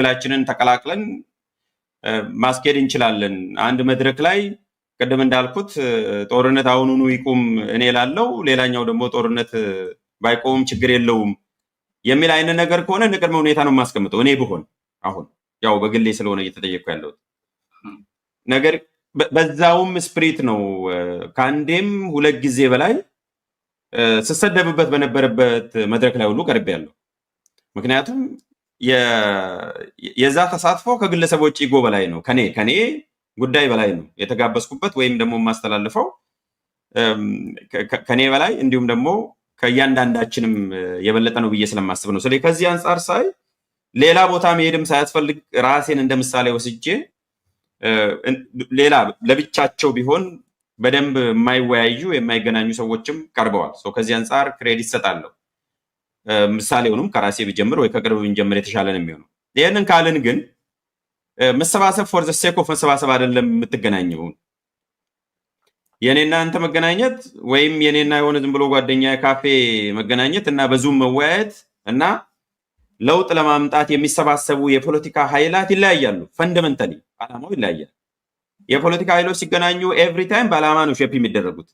ትግላችንን ተቀላቅለን ማስኬድ እንችላለን። አንድ መድረክ ላይ ቅድም እንዳልኩት ጦርነት አሁኑኑ ይቁም እኔ ላለው ሌላኛው ደግሞ ጦርነት ባይቆምም ችግር የለውም የሚል አይነት ነገር ከሆነ ቅድመ ሁኔታ ነው የማስቀምጠው እኔ ብሆን አሁን ያው በግሌ ስለሆነ እየተጠየቅኩ ያለሁት ነገር በዛውም ስፕሪት ነው ከአንዴም ሁለት ጊዜ በላይ ስሰደብበት በነበረበት መድረክ ላይ ሁሉ ቀርቤ ያለው ምክንያቱም የዛ ተሳትፎ ከግለሰቦች ኢጎ በላይ ነው። ከኔ ከኔ ጉዳይ በላይ ነው የተጋበዝኩበት ወይም ደግሞ የማስተላልፈው ከኔ በላይ እንዲሁም ደግሞ ከእያንዳንዳችንም የበለጠ ነው ብዬ ስለማስብ ነው። ስለዚህ ከዚህ አንጻር ሳይ ሌላ ቦታ መሄድም ሳያስፈልግ ራሴን እንደ ምሳሌ ወስጄ ሌላ ለብቻቸው ቢሆን በደንብ የማይወያዩ የማይገናኙ ሰዎችም ቀርበዋል። ከዚህ አንጻር ክሬዲት ሰጣለሁ። ምሳሌውንም ከራሴ ብጀምር ወይ ከቅርብ ብንጀምር የተሻለ ነው የሚሆነው። ይህንን ካልን ግን መሰባሰብ ፎር ዘ ሴክ ኦፍ መሰባሰብ አይደለም የምትገናኘው። የእኔና አንተ መገናኘት ወይም የእኔና የሆነ ዝም ብሎ ጓደኛ ካፌ መገናኘት እና በዙም መወያየት እና ለውጥ ለማምጣት የሚሰባሰቡ የፖለቲካ ኃይላት ይለያያሉ። ፈንደመንታሊ አላማው ይለያያል። የፖለቲካ ኃይሎች ሲገናኙ ኤቭሪ ታይም በዓላማ ነው ሼፕ የሚደረጉት።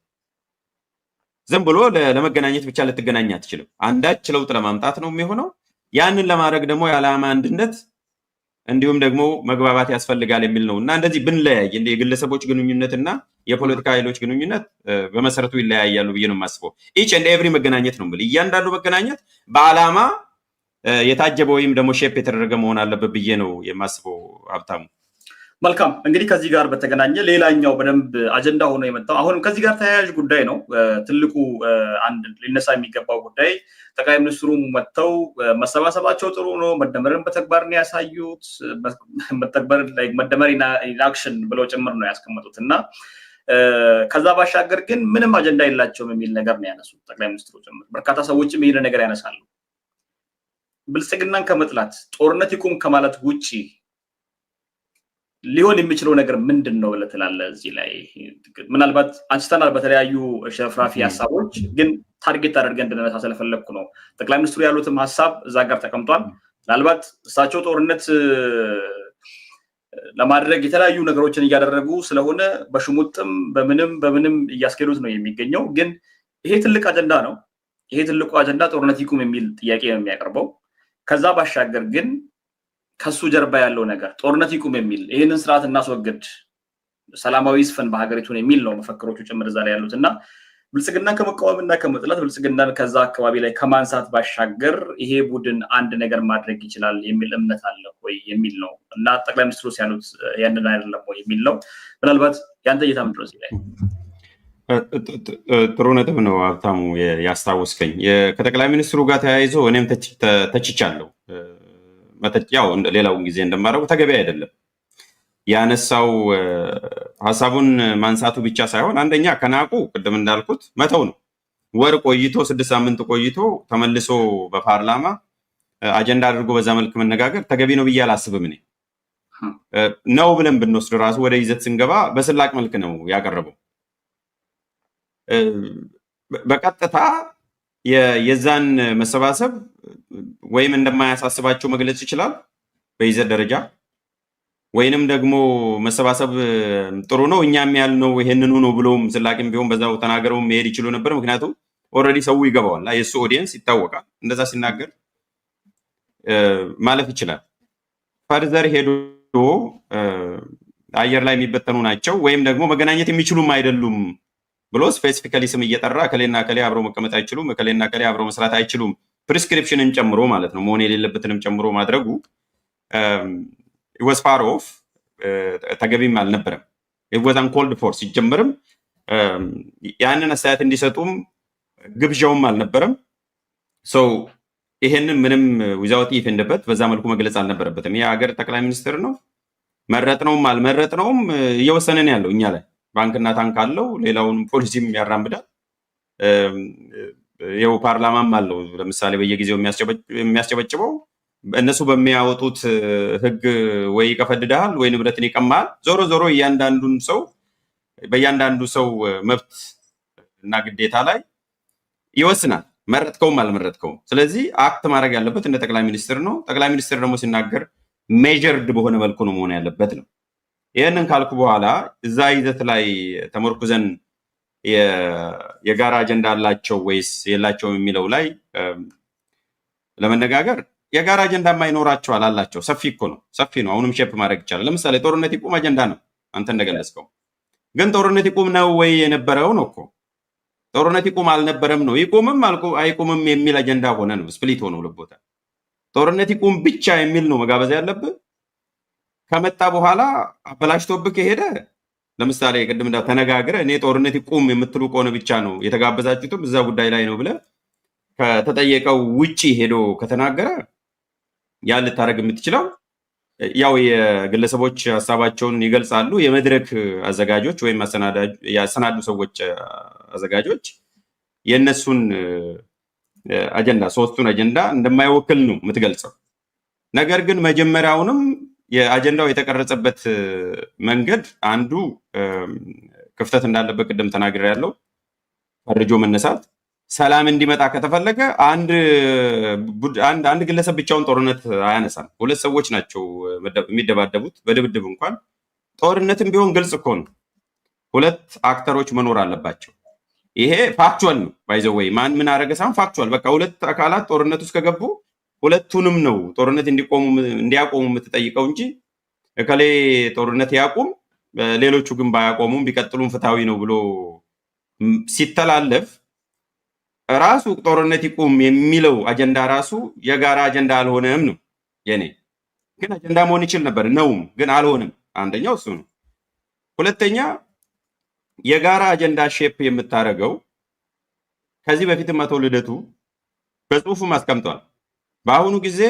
ዝም ብሎ ለመገናኘት ብቻ ልትገናኝ አትችልም። አንዳች ለውጥ ለማምጣት ነው የሚሆነው። ያንን ለማድረግ ደግሞ የዓላማ አንድነት እንዲሁም ደግሞ መግባባት ያስፈልጋል የሚል ነው እና እንደዚህ ብንለያይ የግለሰቦች ግንኙነትና የፖለቲካ ኃይሎች ግንኙነት በመሰረቱ ይለያያሉ ብዬ ነው የማስበው። ኢች እንደ ኤቭሪ መገናኘት ነው የምልህ። እያንዳንዱ መገናኘት በዓላማ የታጀበ ወይም ደግሞ ሼፕ የተደረገ መሆን አለበት ብዬ ነው የማስበው ሀብታሙ። መልካም እንግዲህ ከዚህ ጋር በተገናኘ ሌላኛው በደንብ አጀንዳ ሆኖ የመጣው አሁንም ከዚህ ጋር ተያያዥ ጉዳይ ነው። ትልቁ አንድ ሊነሳ የሚገባው ጉዳይ ጠቅላይ ሚኒስትሩ መጥተው መሰባሰባቸው ጥሩ ነው፣ መደመርን በተግባር ነው ያሳዩት። መደመር ኢንአክሽን ብለው ጭምር ነው ያስቀመጡት እና ከዛ ባሻገር ግን ምንም አጀንዳ የላቸውም የሚል ነገር ነው ያነሱት ጠቅላይ ሚኒስትሩ ጭምር። በርካታ ሰዎችም ይህን ነገር ያነሳሉ። ብልጽግናን ከመጥላት ጦርነት ይቁም ከማለት ውጭ ሊሆን የሚችለው ነገር ምንድን ነው ብለህ ትላለህ? እዚህ ላይ ምናልባት አንስተናል በተለያዩ ሸፍራፊ ሀሳቦች፣ ግን ታርጌት አድርገን እንድንመሳ ስለፈለግኩ ነው። ጠቅላይ ሚኒስትሩ ያሉትም ሀሳብ እዛ ጋር ተቀምጧል። ምናልባት እሳቸው ጦርነት ለማድረግ የተለያዩ ነገሮችን እያደረጉ ስለሆነ በሽሙጥም በምንም በምንም እያስኬዱት ነው የሚገኘው። ግን ይሄ ትልቅ አጀንዳ ነው። ይሄ ትልቁ አጀንዳ ጦርነት ይቁም የሚል ጥያቄ ነው የሚያቀርበው። ከዛ ባሻገር ግን ከሱ ጀርባ ያለው ነገር ጦርነት ይቁም የሚል ይህንን ስርዓት እናስወግድ፣ ሰላማዊ ስፍን በሀገሪቱን የሚል ነው መፈክሮቹ ጭምር እዛ ላይ ያሉት እና ብልጽግናን ከመቃወምና ከመጥላት ብልጽግናን ከዛ አካባቢ ላይ ከማንሳት ባሻገር ይሄ ቡድን አንድ ነገር ማድረግ ይችላል የሚል እምነት አለ ወይ የሚል ነው እና ጠቅላይ ሚኒስትሩ ሲያሉት ያንን አይደለም ወይ የሚል ነው። ምናልባት ያንተ እይታ ምንድን ላይ? ጥሩ ነጥብ ነው ሀብታሙ ያስታወስከኝ። ከጠቅላይ ሚኒስትሩ ጋር ተያይዞ እኔም ተችቻለሁ። መጠጫው ሌላውን ጊዜ እንደማደርጉ ተገቢ አይደለም። ያነሳው ሀሳቡን ማንሳቱ ብቻ ሳይሆን አንደኛ ከናቁ ቅድም እንዳልኩት መተው ነው። ወር ቆይቶ ስድስት ሳምንት ቆይቶ ተመልሶ በፓርላማ አጀንዳ አድርጎ በዛ መልክ መነጋገር ተገቢ ነው ብዬ አላስብም። እኔ ነው ብለን ብንወስድ ራሱ ወደ ይዘት ስንገባ በስላቅ መልክ ነው ያቀረበው። በቀጥታ የዛን መሰባሰብ ወይም እንደማያሳስባቸው መግለጽ ይችላል በይዘት ደረጃ ወይንም ደግሞ መሰባሰብ ጥሩ ነው እኛም ያልነው ይሄንኑ ነው ብለውም ስላቅም ቢሆን በዛው ተናገረው መሄድ ይችሉ ነበር። ምክንያቱም ኦረዲ ሰው ይገባዋል፣ የእሱ ኦዲየንስ ይታወቃል። እንደዛ ሲናገር ማለፍ ይችላል። ፈርዘር ሄዶ አየር ላይ የሚበተኑ ናቸው ወይም ደግሞ መገናኘት የሚችሉም አይደሉም ብሎ ስፔሲፊካሊ ስም እየጠራ እከሌና እከሌ አብረው መቀመጥ አይችሉም፣ እከሌና እከሌ አብረው መስራት አይችሉም ፕሪስክሪፕሽንን ጨምሮ ማለት ነው መሆን የሌለበትንም ጨምሮ ማድረጉ ወዝ um, ኦፍ uh, ተገቢም አልነበረም። ወዛን ኮልድ ፎር ሲጀመርም um, ያንን አስተያየት እንዲሰጡም ግብዣውም አልነበረም። ሰው ይሄንን ምንም ዊዛውት ኢፍ በዛ መልኩ መግለጽ አልነበረበትም። የሀገር ሀገር ጠቅላይ ሚኒስትር ነው። መረጥ አልመረጥ ነውም እየወሰነን ያለው እኛ ላይ ባንክና ታንክ አለው። ሌላውን ፖሊሲም ያራምዳል። um, ይኸው ፓርላማም አለው። ለምሳሌ በየጊዜው የሚያስጨበጭበው እነሱ በሚያወጡት ህግ ወይ ይቀፈድድሃል ወይ ንብረትን ይቀማሃል። ዞሮ ዞሮ እያንዳንዱን ሰው በእያንዳንዱ ሰው መብት እና ግዴታ ላይ ይወስናል፣ መረጥከውም አልመረጥከውም። ስለዚህ አክት ማድረግ ያለበት እንደ ጠቅላይ ሚኒስትር ነው። ጠቅላይ ሚኒስትር ደግሞ ሲናገር ሜጀርድ በሆነ መልኩ ነው መሆን ያለበት ነው። ይህንን ካልኩ በኋላ እዛ ይዘት ላይ ተመርኩዘን የጋራ አጀንዳ አላቸው ወይስ የላቸው የሚለው ላይ ለመነጋገር የጋራ አጀንዳ የማይኖራቸው አላቸው። ሰፊ እኮ ነው፣ ሰፊ ነው። አሁንም ሼፕ ማድረግ ይቻላል። ለምሳሌ ጦርነት ይቁም አጀንዳ ነው፣ አንተ እንደገለጽከው። ግን ጦርነት ይቁም ነው ወይ የነበረው ነው እኮ ጦርነት ይቁም አልነበረም ነው። ይቁምም አይቁምም የሚል አጀንዳ ሆነ ነው፣ ስፕሊት ሆነው ልቦታ ጦርነት ይቁም ብቻ የሚል ነው መጋበዝ ያለብህ። ከመጣ በኋላ አበላሽቶብህ ከሄደ ለምሳሌ ቅድም ተነጋግረ እኔ ጦርነት ይቁም የምትሉ ከሆነ ብቻ ነው የተጋበዛችሁትም እዛ ጉዳይ ላይ ነው ብለ ከተጠየቀው ውጪ ሄዶ ከተናገረ ያ ልታደረግ የምትችለው ያው የግለሰቦች ሀሳባቸውን ይገልጻሉ። የመድረክ አዘጋጆች ወይም ያሰናዱ ሰዎች አዘጋጆች የእነሱን አጀንዳ ሶስቱን አጀንዳ እንደማይወክል ነው የምትገልጸው። ነገር ግን መጀመሪያውንም የአጀንዳው የተቀረጸበት መንገድ አንዱ ክፍተት እንዳለበት ቅድም ተናግሬ ያለው ፈርጆ መነሳት። ሰላም እንዲመጣ ከተፈለገ አንድ ግለሰብ ብቻውን ጦርነት አያነሳም። ሁለት ሰዎች ናቸው የሚደባደቡት በድብድብ እንኳን ጦርነትም ቢሆን ግልጽ እኮ ነው። ሁለት አክተሮች መኖር አለባቸው። ይሄ ፋክቹዋል ነው። ባይዘወይ ማን ምን አረገ ሳይሆን ፋክቹዋል በቃ ሁለት አካላት ጦርነት ውስጥ ከገቡ ሁለቱንም ነው ጦርነት እንዲቆሙ እንዲያቆሙ የምትጠይቀው እንጂ እከሌ ጦርነት ያቁም ሌሎቹ ግን ባያቆሙም ቢቀጥሉም ፍትሐዊ ነው ብሎ ሲተላለፍ ራሱ ጦርነት ይቁም የሚለው አጀንዳ ራሱ የጋራ አጀንዳ አልሆነም ነው የኔ። ግን አጀንዳ መሆን ይችል ነበር ነውም፣ ግን አልሆንም። አንደኛው እሱ ነው። ሁለተኛ የጋራ አጀንዳ ሼፕ የምታደርገው ከዚህ በፊትም አቶ ልደቱ በጽሁፉም አስቀምጧል በአሁኑ ጊዜ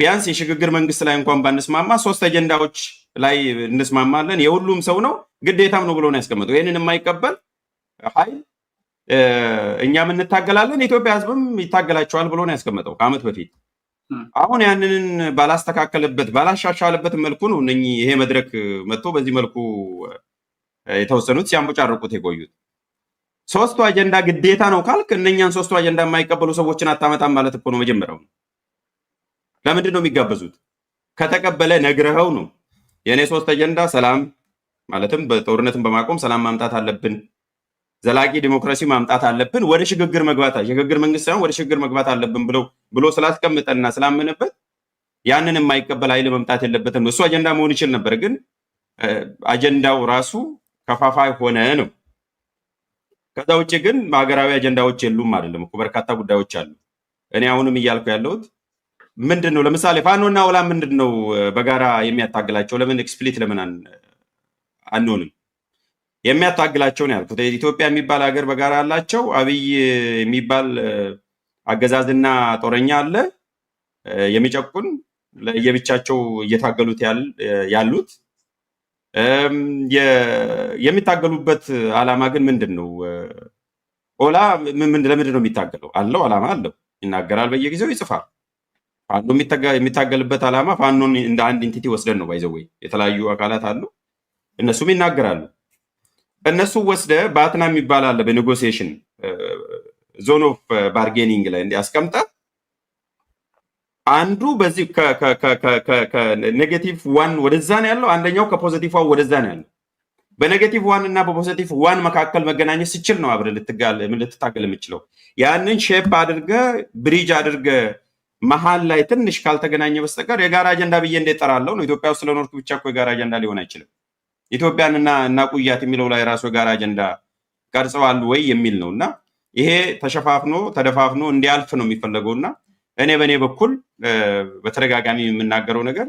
ቢያንስ የሽግግር መንግስት ላይ እንኳን ባንስማማ ሶስት አጀንዳዎች ላይ እንስማማለን። የሁሉም ሰው ነው ግዴታም ነው ብሎ ነው ያስቀመጠው። ይህንን የማይቀበል ኃይል እኛም እንታገላለን የኢትዮጵያ ህዝብም ይታገላቸዋል ብሎ ነው ያስቀመጠው ከዓመት በፊት። አሁን ያንንን ባላስተካከልበት ባላሻሻልበት መልኩ ነው እነ ይሄ መድረክ መጥቶ በዚህ መልኩ የተወሰኑት ሲያንቦጫርቁት የቆዩት። ሶስቱ አጀንዳ ግዴታ ነው ካልክ እነኛን ሶስቱ አጀንዳ የማይቀበሉ ሰዎችን አታመጣም ማለት እኮ ነው መጀመሪያው ነው። ለምንድን ነው የሚጋበዙት? ከተቀበለ ነግረኸው ነው። የእኔ ሶስት አጀንዳ ሰላም ማለትም በጦርነትን በማቆም ሰላም ማምጣት አለብን፣ ዘላቂ ዲሞክራሲ ማምጣት አለብን፣ ወደ ሽግግር መግባት የሽግግር መንግስት ሳይሆን ወደ ሽግግር መግባት አለብን ብሎ ብሎ ስላስቀምጠና ስላመነበት ያንን የማይቀበል ኃይል መምጣት የለበትም። እሱ አጀንዳ መሆን ይችል ነበር፣ ግን አጀንዳው ራሱ ከፋፋይ ሆነ ነው። ከዛ ውጭ ግን ሀገራዊ አጀንዳዎች የሉም አይደለም እኮ በርካታ ጉዳዮች አሉ። እኔ አሁንም እያልኩ ያለሁት ምንድን ነው ለምሳሌ እና ወላ ምንድን ነው በጋራ የሚያታግላቸው? ለምን ኤክስፕሊት ለምን አንሆንም? የሚያታግላቸው ነው ያልኩት። ኢትዮጵያ የሚባል ሀገር በጋራ አላቸው። አብይ የሚባል አገዛዝና ጦረኛ አለ የሚጨቁን ለየብቻቸው እየታገሉት ያሉት የሚታገሉበት አላማ ግን ምንድን ነው? ኦላ ለምንድን ነው የሚታገለው? አለው አላማ አለው። ይናገራል፣ በየጊዜው ይጽፋል። ፋኖ የሚታገልበት ዓላማ ፋኖን እንደ አንድ ኢንቲቲ ወስደን ነው ወይ የተለያዩ አካላት አሉ፣ እነሱም ይናገራሉ። እነሱ ወስደ በአትና የሚባል አለ በኔጎሲሽን ዞን ኦፍ ባርጌኒንግ ላይ እንዲያስቀምጠ አንዱ በዚህ ከኔጌቲቭ ዋን ወደዛ ነው ያለው፣ አንደኛው ከፖዘቲቭ ዋን ወደዛ ነው ያለው። በኔጌቲቭ ዋን እና በፖዘቲቭ ዋን መካከል መገናኘት ስችል ነው አብረ ልትታገል የምችለው። ያንን ሼፕ አድርገ ብሪጅ አድርገ መሀል ላይ ትንሽ ካልተገናኘ በስተቀር የጋራ አጀንዳ ብዬ እንዴት ነው። ኢትዮጵያ ውስጥ ለኖርኩ ብቻ እኮ የጋራ አጀንዳ ሊሆን አይችልም። ኢትዮጵያን እና እናቁያት የሚለው ላይ ራሱ የጋራ አጀንዳ ቀርጸዋል ወይ የሚል ነው እና ይሄ ተሸፋፍኖ ተደፋፍኖ እንዲያልፍ ነው የሚፈለገው እና እኔ በእኔ በኩል በተደጋጋሚ የምናገረው ነገር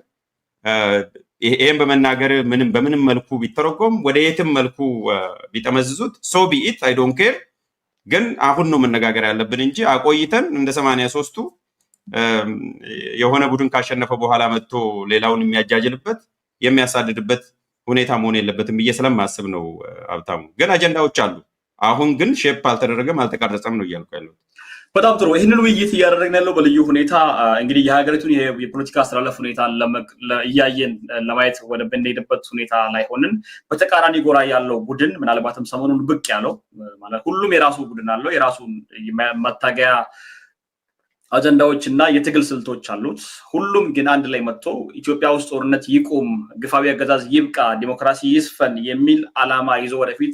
ይህም በመናገር በምንም መልኩ ቢተረጎም ወደ የትም መልኩ ቢጠመዝዙት ሶ ቢኢት አይ ዶንት ኬር ግን አሁን ነው መነጋገር ያለብን እንጂ አቆይተን እንደ ሰማንያ ሶስቱ የሆነ ቡድን ካሸነፈ በኋላ መጥቶ ሌላውን የሚያጃጅልበት የሚያሳድድበት ሁኔታ መሆን የለበትም ብዬ ስለማስብ ነው። ሀብታሙ ግን አጀንዳዎች አሉ። አሁን ግን ሼፕ አልተደረገም አልተቀረጸም ነው እያልኩ ያለሁት። በጣም ጥሩ። ይህንን ውይይት እያደረግን ያለው በልዩ ሁኔታ እንግዲህ የሀገሪቱን የፖለቲካ አስተላለፍ ሁኔታ እያየን ለማየት ወደ በንሄድበት ሁኔታ ላይ ሆንን። በተቃራኒ ጎራ ያለው ቡድን ምናልባትም ሰሞኑን ብቅ ያለው ሁሉም የራሱ ቡድን አለው የራሱን መታገያ አጀንዳዎች እና የትግል ስልቶች አሉት። ሁሉም ግን አንድ ላይ መጥቶ ኢትዮጵያ ውስጥ ጦርነት ይቁም፣ ግፋዊ አገዛዝ ይብቃ፣ ዲሞክራሲ ይስፈን የሚል አላማ ይዞ ወደፊት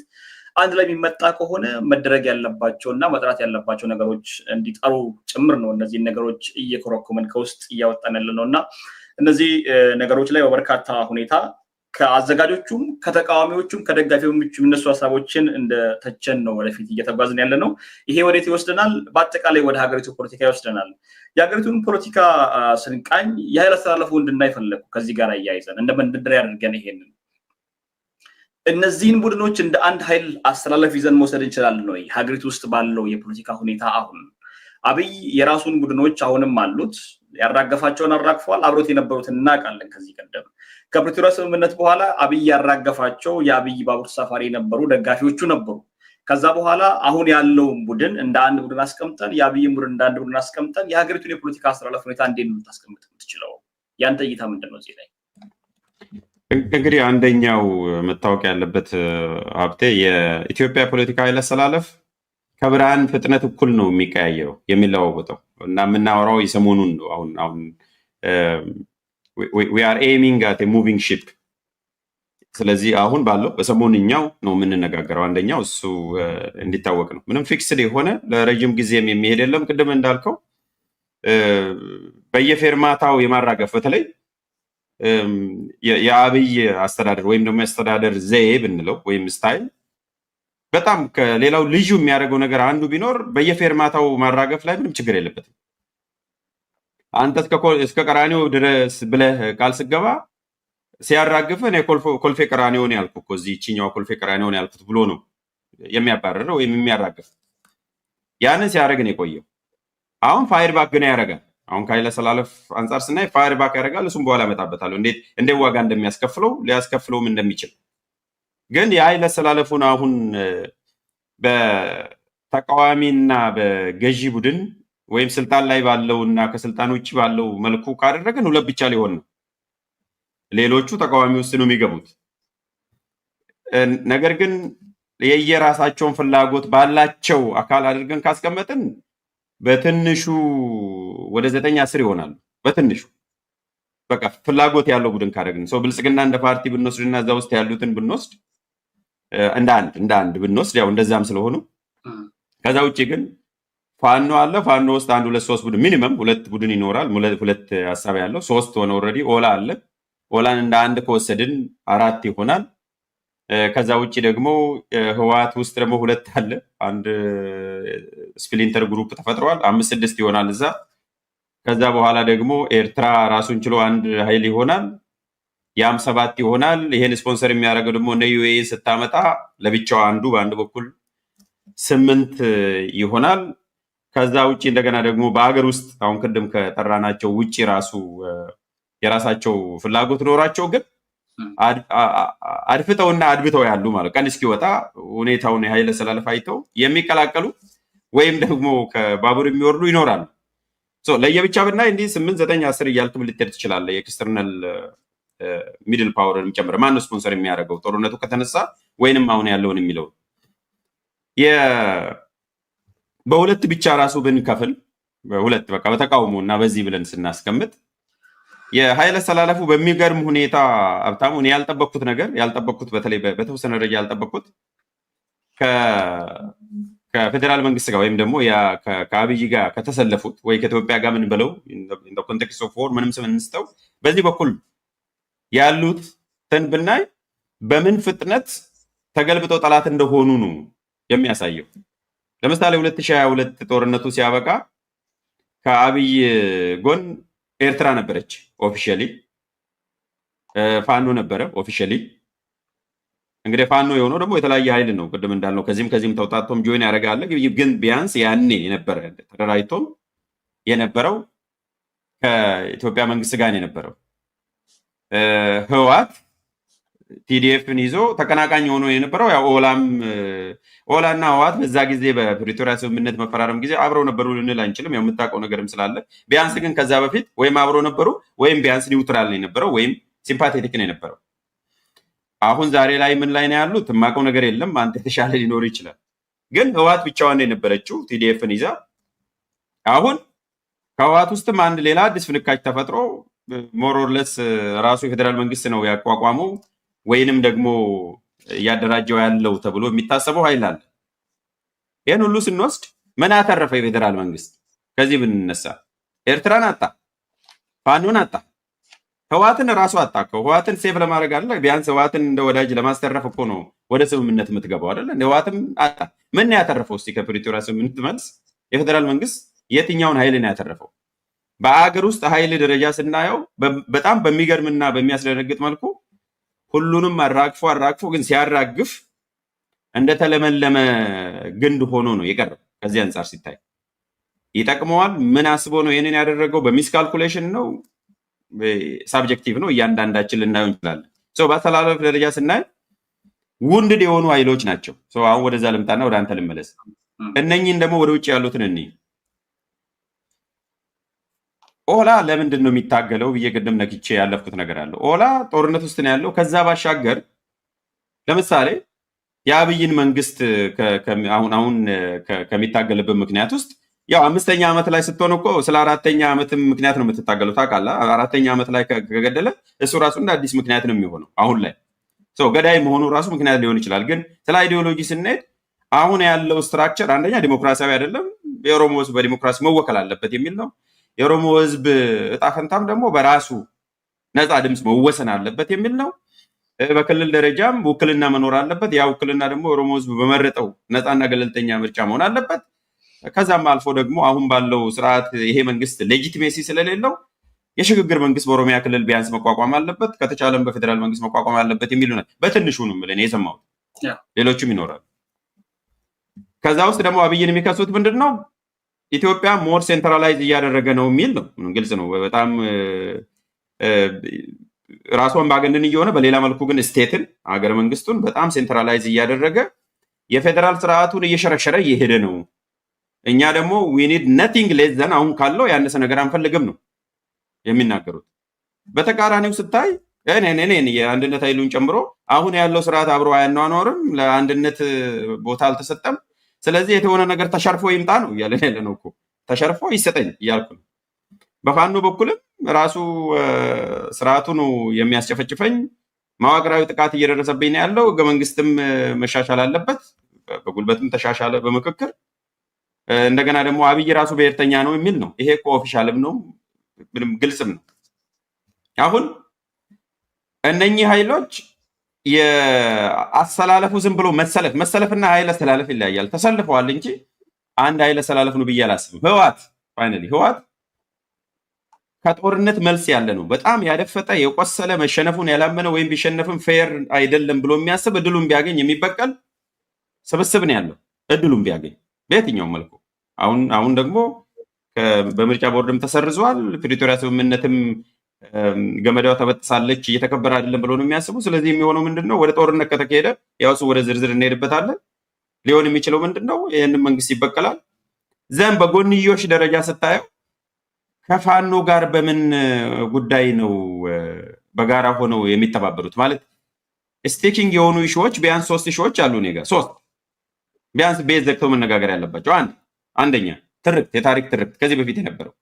አንድ ላይ የሚመጣ ከሆነ መደረግ ያለባቸው እና መጥራት ያለባቸው ነገሮች እንዲጠሩ ጭምር ነው። እነዚህን ነገሮች እየኮረኮመን ከውስጥ እያወጣን ያለ ነው እና እነዚህ ነገሮች ላይ በበርካታ ሁኔታ ከአዘጋጆቹም ከተቃዋሚዎቹም ከደጋፊዎች የሚነሱ ሀሳቦችን ተቸን ነው ወደፊት እየተጓዝን ያለ ነው። ይሄ ወዴት ይወስደናል? በአጠቃላይ ወደ ሀገሪቱ ፖለቲካ ይወስደናል። የሀገሪቱን ፖለቲካ ስንቃኝ የኃይል አስተላለፉ እንድናይ ፈለግኩ። ከዚህ ጋር እያይዘን እንደ መንደርደሪያ አድርገን ይሄንን እነዚህን ቡድኖች እንደ አንድ ኃይል አስተላለፍ ይዘን መውሰድ እንችላለን ወይ? ሀገሪቱ ውስጥ ባለው የፖለቲካ ሁኔታ አሁን አብይ የራሱን ቡድኖች አሁንም አሉት። ያራገፋቸውን አራግፈዋል። አብሮት የነበሩት እናውቃለን ከዚህ ቀደም ከፕሪቶሪያ ስምምነት በኋላ አብይ ያራገፋቸው የአብይ ባቡር ሰፋሪ የነበሩ ደጋፊዎቹ ነበሩ። ከዛ በኋላ አሁን ያለውን ቡድን እንደ አንድ ቡድን አስቀምጠን የአብይን ቡድን እንደ አንድ ቡድን አስቀምጠን የሀገሪቱን የፖለቲካ አስተላለፍ ሁኔታ እንዴት ነው ልታስቀምጥ የምትችለው? ያንተ እይታ ምንድን ነው እዚህ ላይ? እንግዲህ አንደኛው መታወቅ ያለበት ሀብቴ የኢትዮጵያ ፖለቲካ ኃይል አስተላለፍ ከብርሃን ፍጥነት እኩል ነው የሚቀያየረው የሚለዋወጠው እና የምናወራው የሰሞኑን አሁን አሁን ዊ አር ኤሚንግ አት ሙቪንግ ሺፕ። ስለዚህ አሁን ባለው በሰሞንኛው ነው የምንነጋገረው። አንደኛው እሱ እንዲታወቅ ነው። ምንም ፊክስድ የሆነ ለረዥም ጊዜም የሚሄድ የለም። ቅድም እንዳልከው በየፌርማታው የማራገፍ በተለይ የአብይ አስተዳደር ወይም ደግሞ የአስተዳደር ዘዬ ብንለው ወይም ስታይል በጣም ከሌላው ልዩ የሚያደርገው ነገር አንዱ ቢኖር በየፌርማታው ማራገፍ ላይ ምንም ችግር የለበትም። አንተ እስከ ቀራኔው ድረስ ብለህ ቃል ስገባ ሲያራግፍ እኔ ኮልፌ ቀራኒዮን ያልኩ እኮ እዚህ ይችኛዋ ኮልፌ ቀራኔውን ያልኩት ብሎ ነው የሚያባረረ ወይም የሚያራግፍ። ያንን ሲያደርግ ነው የቆየው። አሁን ፋይር ባክ ግን ያደርጋል። አሁን ከኃይለ ሰላለፍ አንጻር ስናይ ፋይር ባክ ያደርጋል። እሱም በኋላ እመጣበታለሁ፣ እንዴት እንደ ዋጋ እንደሚያስከፍለው ሊያስከፍለውም እንደሚችል ግን የኃይለ ሰላለፉን አሁን በተቃዋሚና በገዢ ቡድን ወይም ስልጣን ላይ ባለው እና ከስልጣን ውጭ ባለው መልኩ ካደረገን ሁለት ብቻ ሊሆን ነው። ሌሎቹ ተቃዋሚ ውስጥ ነው የሚገቡት። ነገር ግን የየራሳቸውን ፍላጎት ባላቸው አካል አድርገን ካስቀመጥን በትንሹ ወደ ዘጠኝ አስር ይሆናሉ። በትንሹ በቃ ፍላጎት ያለው ቡድን ካደረግን ሰው ብልጽግና እንደ ፓርቲ ብንወስድና እዛ ውስጥ ያሉትን ብንወስድ እንደ አንድ እንደ አንድ ብንወስድ ያው እንደዛም ስለሆኑ ከዛ ውጭ ግን ፋኖ አለ። ፋኖ ውስጥ አንድ ሁለት ሶስት ቡድን ሚኒመም ሁለት ቡድን ይኖራል። ሁለት ሀሳብ ያለው ሶስት ሆነ ኦልሬዲ ኦላ አለ። ኦላን እንደ አንድ ከወሰድን አራት ይሆናል። ከዛ ውጭ ደግሞ ህወሓት ውስጥ ደግሞ ሁለት አለ። አንድ ስፕሊንተር ግሩፕ ተፈጥረዋል። አምስት ስድስት ይሆናል እዛ። ከዛ በኋላ ደግሞ ኤርትራ ራሱን ችሎ አንድ ኃይል ይሆናል። ያም ሰባት ይሆናል። ይሄን ስፖንሰር የሚያደርገው ደግሞ እነ ዩኤ ስታመጣ ለብቻው አንዱ በአንድ በኩል ስምንት ይሆናል። ከዛ ውጭ እንደገና ደግሞ በሀገር ውስጥ አሁን ቅድም ከጠራናቸው ውጭ ራሱ የራሳቸው ፍላጎት ኖሯቸው ግን አድፍተውና አድብተው ያሉ ማለት ቀን እስኪወጣ ሁኔታውን የኃይለ ስላለፍ አይተው የሚቀላቀሉ ወይም ደግሞ ከባቡር የሚወርዱ ይኖራሉ። ለየብቻ ብናይ እንዲህ ስምንት ዘጠኝ አስር እያልክም ልትሄድ ትችላለህ። የኤክስተርናል ሚድል ፓወርን ጨምረ ማነው ስፖንሰር የሚያደርገው ጦርነቱ ከተነሳ ወይንም አሁን ያለውን የሚለው በሁለት ብቻ ራሱ ብንከፍል ሁለት በቃ በተቃውሞ እና በዚህ ብለን ስናስቀምጥ የኃይለ ሰላለፉ በሚገርም ሁኔታ ሀብታሙ እኔ ያልጠበቅኩት ነገር ያልጠበቅኩት በተለይ በተወሰነ ደረጃ ያልጠበቅኩት ከፌዴራል መንግስት ጋር ወይም ደግሞ ከአብይ ጋር ከተሰለፉት ወይ ከኢትዮጵያ ጋር ምን ብለው ኮንቴክስት ኦፍ ወር ምንም ስም እንስተው በዚህ በኩል ያሉት ትን ብናይ በምን ፍጥነት ተገልብጠው ጠላት እንደሆኑ ነው የሚያሳየው። ለምሳሌ 2022 ጦርነቱ ሲያበቃ ከአብይ ጎን ኤርትራ ነበረች ኦፊሻሊ፣ ፋኖ ነበረ ኦፊሻሊ። እንግዲህ ፋኖ የሆነው ደግሞ የተለያየ ኃይል ነው። ቅድም እንዳልነው ከዚህም ከዚህም ተውጣቶም ጆይን ያደረጋለ። ግን ቢያንስ ያኔ የነበረ ተደራጅቶም የነበረው ከኢትዮጵያ መንግስት ጋር የነበረው ህወሓት ቲዲኤፍን ይዞ ተቀናቃኝ ሆኖ የነበረው ያው ኦላም ኦላና በዛ ጊዜ በፕሪቶሪያ ስምምነት መፈራረም ጊዜ አብረው ነበሩ ልንል አንችልም። ያው የምታውቀው ነገርም ስላለ ቢያንስ ግን ከዛ በፊት ወይም አብረው ነበሩ ወይም ቢያንስ ኒውትራል ነው የነበረው ወይም ሲምፓቴቲክ ነው የነበረው። አሁን ዛሬ ላይ ምን ላይ ነው ያሉት? የማውቀው ነገር የለም። አንተ የተሻለ ሊኖር ይችላል። ግን ህወሓት ብቻዋን የነበረችው ቲዲኤፍን ይዛ አሁን ከህዋት ውስጥም አንድ ሌላ አዲስ ፍንካች ተፈጥሮ ሞሮርለስ ራሱ የፌዴራል መንግስት ነው ያቋቋመው ወይንም ደግሞ እያደራጀው ያለው ተብሎ የሚታሰበው ኃይል አለ። ይህን ሁሉ ስንወስድ ምን አተረፈ የፌዴራል መንግስት? ከዚህ ብንነሳ ኤርትራን አጣ፣ ፋኖን አጣ፣ ህዋትን ራሱ አጣ። ህዋትን ሴፍ ለማድረግ አለ ቢያንስ ህዋትን እንደ ወዳጅ ለማስተረፍ እኮ ነው ወደ ስምምነት የምትገባው አደለ? ህዋትም አጣ። ምን ያተረፈው እስኪ ከፕሪቶሪያ ስምምነት መልስ የፌዴራል መንግስት የትኛውን ኃይል ያተረፈው? በአገር ውስጥ ኃይል ደረጃ ስናየው በጣም በሚገርምና በሚያስደነግጥ መልኩ ሁሉንም አራግፎ አራግፎ ግን ሲያራግፍ እንደተለመለመ ግንድ ሆኖ ነው የቀረው። ከዚህ አንጻር ሲታይ ይጠቅመዋል። ምን አስቦ ነው ይህንን ያደረገው? በሚስ ካልኩሌሽን ነው ሳብጀክቲቭ ነው። እያንዳንዳችን ልናየው እንችላለን። በአስተላለፍ ደረጃ ስናይ ውንድድ የሆኑ ኃይሎች ናቸው። አሁን ወደዛ ልምጣና ወደ አንተ ልመለስ። እነኝህን ደግሞ ወደ ውጭ ያሉትን እንይ። ኦላ ለምንድን ነው የሚታገለው ብዬ ቅድም ነክቼ ያለፍኩት ነገር አለው። ኦላ ጦርነት ውስጥ ነው ያለው። ከዛ ባሻገር ለምሳሌ የአብይን መንግስት አሁን ከሚታገልበት ምክንያት ውስጥ ያው አምስተኛ ዓመት ላይ ስትሆን እኮ ስለ አራተኛ ዓመትም ምክንያት ነው የምትታገለው ታውቃለህ። አራተኛ ዓመት ላይ ከገደለ እሱ ራሱ እንደ አዲስ ምክንያት ነው የሚሆነው። አሁን ላይ ሰው ገዳይ መሆኑ ራሱ ምክንያት ሊሆን ይችላል። ግን ስለ አይዲዮሎጂ ስንሄድ አሁን ያለው ስትራክቸር አንደኛ ዲሞክራሲያዊ አይደለም፣ የኦሮሞ በዲሞክራሲ መወከል አለበት የሚል ነው። የኦሮሞ ህዝብ እጣፈንታም ደግሞ በራሱ ነፃ ድምፅ መወሰን አለበት የሚል ነው። በክልል ደረጃም ውክልና መኖር አለበት። ያ ውክልና ደግሞ የኦሮሞ ህዝብ በመረጠው ነፃና ገለልተኛ ምርጫ መሆን አለበት። ከዛም አልፎ ደግሞ አሁን ባለው ስርዓት ይሄ መንግስት ሌጂቲሜሲ ስለሌለው የሽግግር መንግስት በኦሮሚያ ክልል ቢያንስ መቋቋም አለበት፣ ከተቻለም በፌዴራል መንግስት መቋቋም አለበት የሚሉ በትንሹ ነው የምልህ የሰማሁት። ሌሎችም ይኖራል። ከዛ ውስጥ ደግሞ አብይን የሚከሱት ምንድን ነው? ኢትዮጵያ ሞር ሴንትራላይዝ እያደረገ ነው የሚል ነው። ግልጽ ነው። በጣም ራሷን ባገንን እየሆነ በሌላ መልኩ ግን ስቴትን ሀገር መንግስቱን በጣም ሴንትራላይዝ እያደረገ የፌዴራል ስርዓቱን እየሸረሸረ እየሄደ ነው። እኛ ደግሞ ዊኒድ ነቲንግ ሌዘን አሁን ካለው ያነሰ ነገር አንፈልግም ነው የሚናገሩት። በተቃራኒው ስታይ እኔን የአንድነት ኃይሉን ጨምሮ አሁን ያለው ስርዓት አብሮ አያኗኗርም፣ ለአንድነት ቦታ አልተሰጠም። ስለዚህ የተሆነ ነገር ተሸርፎ ይምጣ ነው እያለን ያለ ነው እኮ ተሸርፎ ይሰጠኝ እያልኩ ነው። በፋኖ በኩልም ራሱ ስርዓቱ ነው የሚያስጨፈጭፈኝ፣ መዋቅራዊ ጥቃት እየደረሰብኝ ነው ያለው። ህገ መንግስትም መሻሻል አለበት፣ በጉልበትም ተሻሻለ በምክክር እንደገና ደግሞ አብይ ራሱ ብሔርተኛ ነው የሚል ነው። ይሄ እኮ ኦፊሻልም ነው ምንም ግልጽም ነው። አሁን እነኚህ ኃይሎች የአሰላለፉ ዝም ብሎ መሰለፍ መሰለፍና ኃይለ ሰላለፍ ይለያያል። ተሰልፈዋል እንጂ አንድ ኃይለ ሰላለፍ ነው ብዬ አላስብም። ህወሓት ፋይናሊ ህዋት ከጦርነት መልስ ያለ ነው። በጣም ያደፈጠ የቆሰለ መሸነፉን ያላመነ ወይም ቢሸነፍም ፌር አይደለም ብሎ የሚያስብ እድሉን ቢያገኝ የሚበቀል ስብስብ ነው ያለው። እድሉን ቢያገኝ በየትኛውም መልኩ አሁን አሁን ደግሞ በምርጫ ቦርድም ተሰርዟል። ፕሪቶሪያ ስምምነትም ገመዳዋ ተበጥሳለች እየተከበረ አይደለም ብሎ ነው የሚያስቡ። ስለዚህ የሚሆነው ምንድን ነው? ወደ ጦርነት ከተካሄደ ያው እሱ ወደ ዝርዝር እንሄድበታለን። ሊሆን የሚችለው ምንድን ነው? ይህንን መንግስት ይበቀላል። ዘን በጎንዮሽ ደረጃ ስታየው ከፋኖ ጋር በምን ጉዳይ ነው በጋራ ሆነው የሚተባበሩት? ማለት ስቲኪንግ የሆኑ ሺዎች ቢያንስ ሶስት ሺዎች አሉ እኔ ጋር ሶስት ቢያንስ ቤት ዘግተው መነጋገር ያለባቸው አንድ አንደኛ ትርክት የታሪክ ትርክት ከዚህ በፊት የነበረው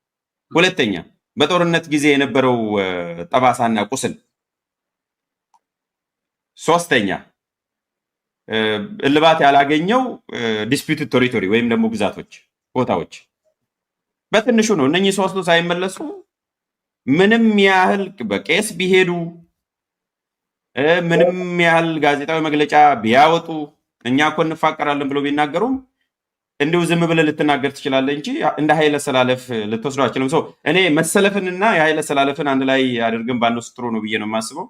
ሁለተኛ በጦርነት ጊዜ የነበረው ጠባሳና ቁስል። ሶስተኛ እልባት ያላገኘው ዲስፒዩትድ ቴሪቶሪ ወይም ደግሞ ግዛቶች፣ ቦታዎች በትንሹ ነው። እነኚህ ሶስቱ ሳይመለሱ ምንም ያህል በቄስ ቢሄዱ ምንም ያህል ጋዜጣዊ መግለጫ ቢያወጡ እኛ እኮ እንፋቀራለን ብሎ ቢናገሩም እንዲሁ ዝም ብለህ ልትናገር ትችላለህ እንጂ እንደ ኃይለ ሰላለፍ ልትወስዶ አችልም። ሰው እኔ መሰለፍንና የኃይለ ሰላለፍን አንድ ላይ አድርገን ባንወስድ ጥሩ ነው ብዬ ነው የማስበው።